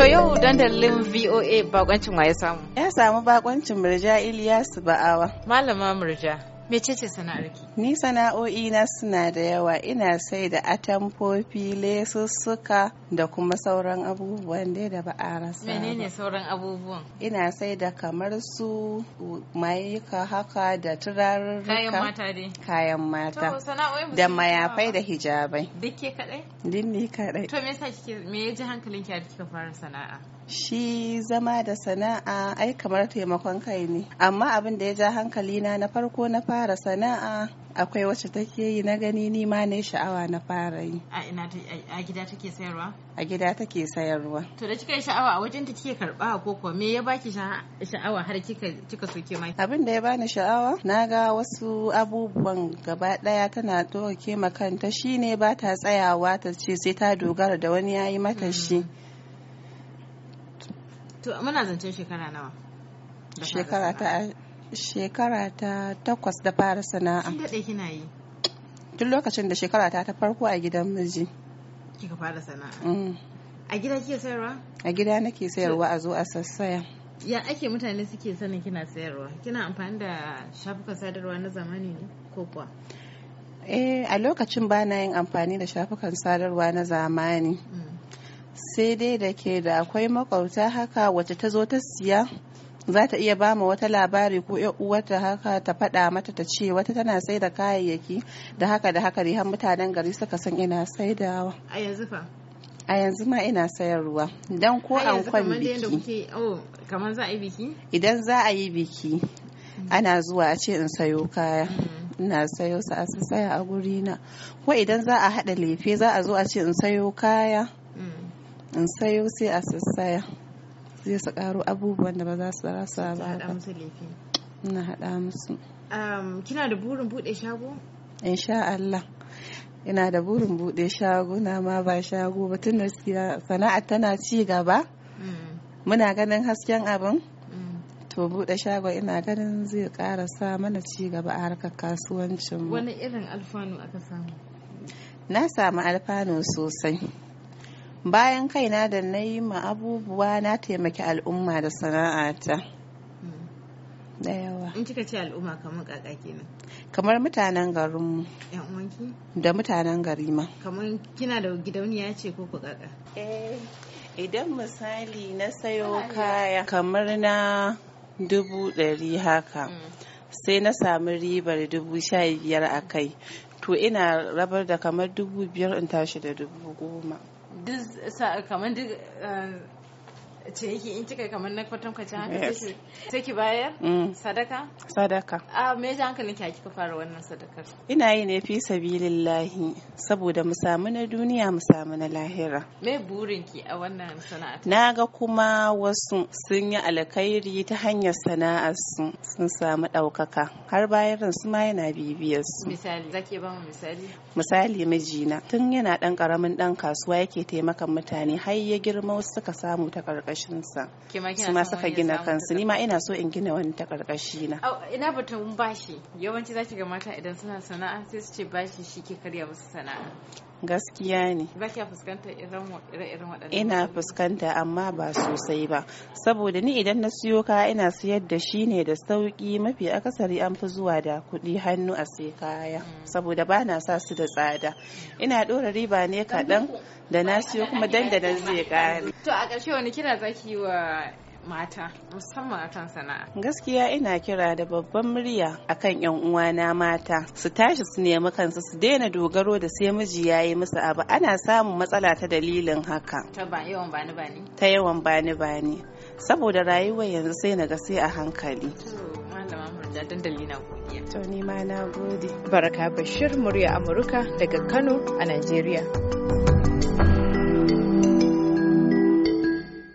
To yau dandalin VOA bakoncin wa ya samu? Ya samu bakoncin Murja iliyasu Ba'awa. Malama Murja. mecece sana'arki ni sana'o'i na suna da yawa ina sai da atamfofi lesussuka da kuma sauran abubuwan dai da ba a rasa menene sauran abubuwan ina sai da kamar su mayuka haka da turarurruka kayan mata dai kayan mata da mayafai da hijabai duk ke kadai duk kadai to me yasa kike me ya ji hankalinki a kika fara sana'a shi zama da sana'a ai kamar taimakon kai ne amma abin da ya ja hankali na na farko na fara sana'a akwai wacce take yi na gani ni ma ne sha'awa na fara yi a ina a gida take sayarwa a gida take sayarwa to da kika yi sha'awa a wajen ta kike karba ko ko me ya baki sha'awa har kika kika so ke mai abin da ya bani sha'awa na ga wasu abubuwan gaba daya tana doke makanta shine ba ta tsayawa ta ce sai ta dogara da wani yayi mata shi mm. to muna zancen shekara nawa shekara ta shekara ta takwas da fara sana'a kin dade kina yi tun lokacin da shekara ta ta farko a gidan miji kika fara sana'a mm. a gida kike sayarwa a gida nake sayarwa a zo a sassaya ya ake mutane suke sanin kina sayarwa kina amfani da shafukan sadarwa na zamani ne ko kuwa eh a lokacin ba na yin amfani da shafukan sadarwa na zamani mm. sai dai da ke da akwai makwauta haka wacce ta zo ta siya za ta iya bama wata labari ko yan uwarta haka ta faɗa mata ta ce wata tana sai da kayayyaki da haka da haka rihan mutanen gari suka san ina saidawa a yanzu fa a yanzu ma ina sayarwa don ko an kwan biki oh, kamar za a yi biki idan za a yi biki ana zuwa a ce in sayo kaya mm-hmm. ina sayo su a saya a guri na ko idan za a haɗa lefe za a zo a ce in sayo kaya in sayo sai a sassaya zai su karo abubuwan da ba za su rasa ba ba ina haɗa musu kina da burin buɗe shago insha Allah ina da burin buɗe shago na ma ba shago ba tun sana'a tana ci gaba mm. muna ganin hasken abin mm. to buɗe shago ina ganin zai ƙara sa mana ci gaba a harkar kasuwancin wani irin alfanu aka samu na samu alfanu sosai bayan kaina da na yi ma abubuwa na taimaki al'umma da sana'ata mm. da yawa in kika ce al'umma kamar kaka kenan kamar mutanen garin mu, da mutanen gari ma kamar kina da gidauniya ce ko ku kaka eh idan misali na sayo kaya kamar na dubu ɗari haka mm. sai na sami ribar dubu sha biyar a kai to ina rabar da kamar dubu biyar in tashi da dubu goma duk kamar duk eh, ce yake in kika kamar na kwatankwacin haka sai ki bayar mm. sadaka sadaka a me ji hankalin ki kika fara wannan sadakar ina yi ne fi sabilillahi saboda mu samu na duniya mu samu na lahira me burin ki a wannan sana'a na ga kuma wasu sun yi alkhairi ta hanyar sana'ar su sun samu ɗaukaka har bayan su ma yana bibiyar su misali zaki ba mu misali misali mijina tun yana ɗan ƙaramin ɗan kasuwa yake taimakan mutane har ya girma wasu suka samu ta karkashin karkashinsa su ma suka gina kansu ni ma ina so in gina wani ta karkashi na ina batun bashi yawanci zaki ga mata idan suna sana'a sai su ce bashi shi ke karya musu sana'a gaskiya ne fuskanta ina fuskanta amma ba sosai ba saboda ni idan na siyo kaya ina siyar da shi ne da sauki mafi akasari an fi zuwa da kuɗi hannu a sai kaya mm. saboda ba na sa su da tsada ina ɗora riba ne kaɗan da na siyo kuma dandanan zai ƙare to a ƙarshe wani kira zaki wa mata musamman akan sana'a gaskiya ina kira da babban murya akan yan uwana mata su tashi su nemi kansu su daina dogaro da sai miji ya yi musu abu ana samun matsala ta dalilin haka ta ba yawan bani bani ta yawan bani bani saboda rayuwar yanzu sai na ga sai a hankali da na To ni ma na gode. Baraka Bashir murya Amurka daga Kano a Najeriya.